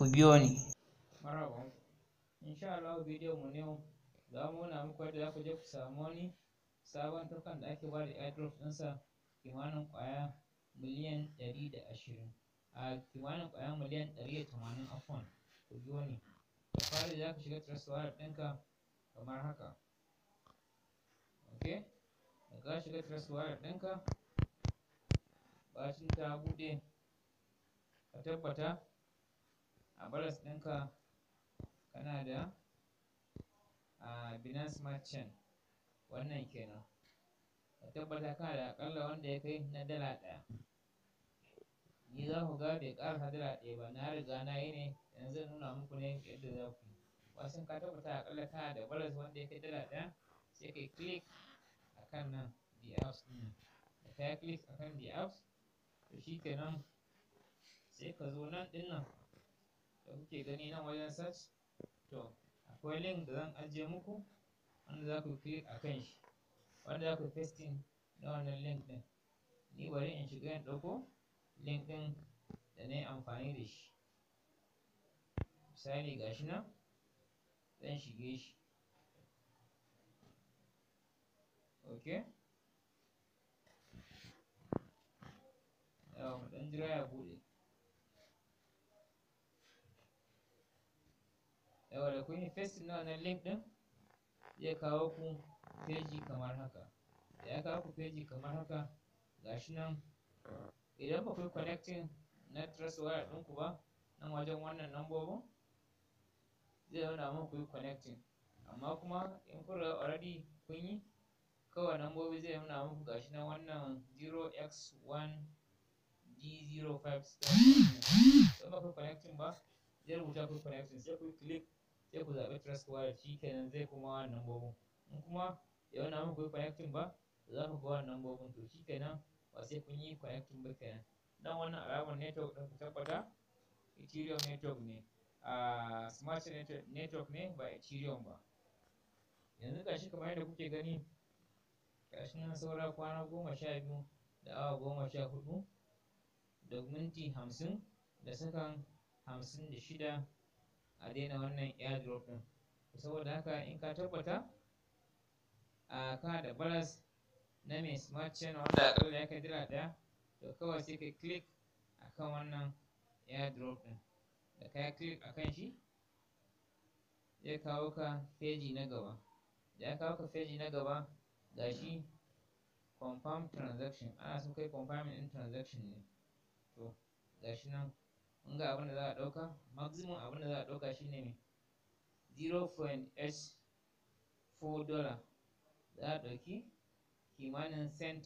ku biyo ni. bidiyon mu ne za mu nuna muku yadda za ku je ku wani sabon turkan da ake bada da airdrop ɗinsa kimanin kwaya miliyan ɗari da ashirin a kimanin miliyan ɗari da tamanin afon ku biyo ni. Da fari za shiga trust ɗinka kamar haka. Ok, da ka shiga ɗinka bacin ta buɗe ka tabbata a Balance ɗinka kana da a Binance Smart Chain wannan kenan. Ka tabbata kana da aƙalla wanda ya kai na dala ɗaya. Ni za ku ga bai ƙarasa dala ɗaya ba, na riga na yi ne yanzu zan nuna muku ne yadda za ku wasu Wasan ka tabbata aƙalla kana da balance wanda ya kai dala ɗaya sai ka yi click a kan nan the apps ɗin. Da ka yi click a kan the apps to shi kenan sai ka zo nan ɗin nan. da kuke gani nan wajen search to akwai link da zan ajiye muku wanda za ku click a kan shi wanda za ku pasting na wannan link ɗin ni bari in shiga in ɗauko link ɗin da na yi amfani da shi misali ga shi nan zan shige shi ok yawon ɗan jira ya bu da kun yi paste na wannan link ɗin zai kawo ku feji kamar haka da ya kawo ku feji kamar haka gashi nan idan ba ku yi connecting na trustwire ɗinku ba nan wajen wannan lambobin zai nuna muku yi connecting amma kuma in kun already kun yi kawai lambobi zai nuna muku gashi nan wannan 0x1 d05 don ba ku connecting ba then we'll ku connecting sai ku click sai ku zaɓi trust wallet shi kenan zai kuma wa nambobin in kuma ya wani muku yi connecting ba za ku ga wannan nambobin to shi kenan ba sai kun yi connecting ba kenan dan wannan alamar network ɗin ku tabbata ethereum network ne a smart network ne ba ethereum ba yanzu gashi kamar yadda kuke gani gashi nan saura kwana goma sha biyu da awa goma sha hudu da minti hamsin da sakan hamsin da shida a daina wannan airdrop ɗin saboda haka in ka tabbata a ka da balas na mai smart chain wanda a ya kai dala ɗaya to kawai sai ka click akan wannan airdrop ɗin da ka click akan shi zai kawo ka feji na gaba da ya kawo ka feji na gaba ga shi confirm transaction ana sun kai confirming in transaction ne to ga shi nan mun ga abin da za a ɗauka maximum abin da za a ɗauka shine ne 0.84 dollar za a ɗauki kimanin cent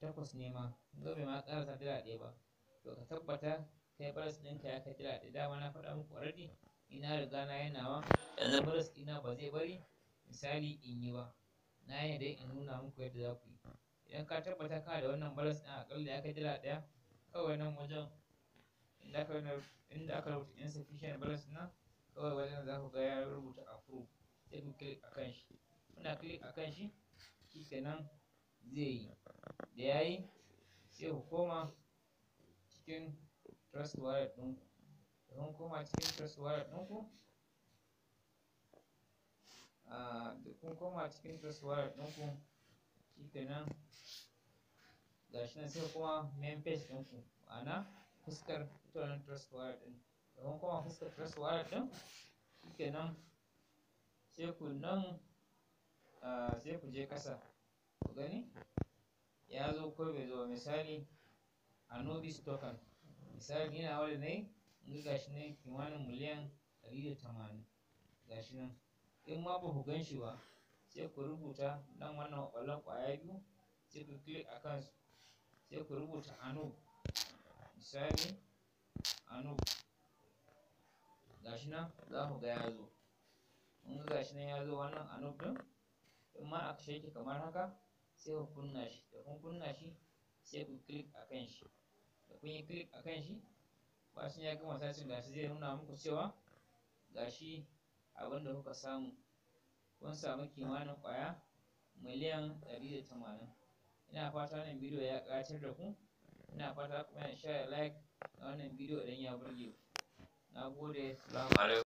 takwas ne ma ga bai ma ƙarasa dala ɗaya ba to ka tabbata kai baras ɗinka ya kai dala ɗaya dama na faɗa muku already ina riga na yana wa yanzu baras ɗina ba zai bari misali in yi ba na yi dai in nuna muku yadda za ku yi idan ka tabbata ka da wannan balas ɗin aƙalla ya kai dala ɗaya kawai nan wajen inda aka rubuta insufficient balance nan kawai wajen za ku ga ya rubuta approve sai ku click akan shi kuna click akan shi shi kenan zai yi da ya yi sai ku koma cikin trust wallet ɗinku da kun koma cikin trust wallet ɗinku da kun koma cikin trust wallet ɗinku shi kenan ga shi nan sai kuma main page ɗinku ma'ana fuskar tunanin trust wallet ɗin domin kuma fuskar trust wallet ɗin nan sai ku nan ah, sai ku je ƙasa ku gani ya zo ko bai zo misali nobis token misali yana wani ne in ga shi ne kimanin miliyan 180 ga shi nan in ma ba ku gan shi ba sai ku rubuta nan wannan kwallon kwaya biyu sai ku click a kansu sai ku rubuta anubis misali ano gashi nan za ku ga ya zo in gashi nan ya zo wannan ano ɗin in ma aka shirke kamar haka sai ku kunna shi da kun kunna shi sai ku click a kan shi da kun yi click a kan shi bashin ya gama sashin gashi zai nuna muku cewa gashi abin da kuka samu kun samu kimanin ƙwaya miliyan tamanin. ina fata wannan bidiyo ya ƙayatar da ku nak pasal komen, share, like, dan video dan yang berjaya. Nak boleh, selamat.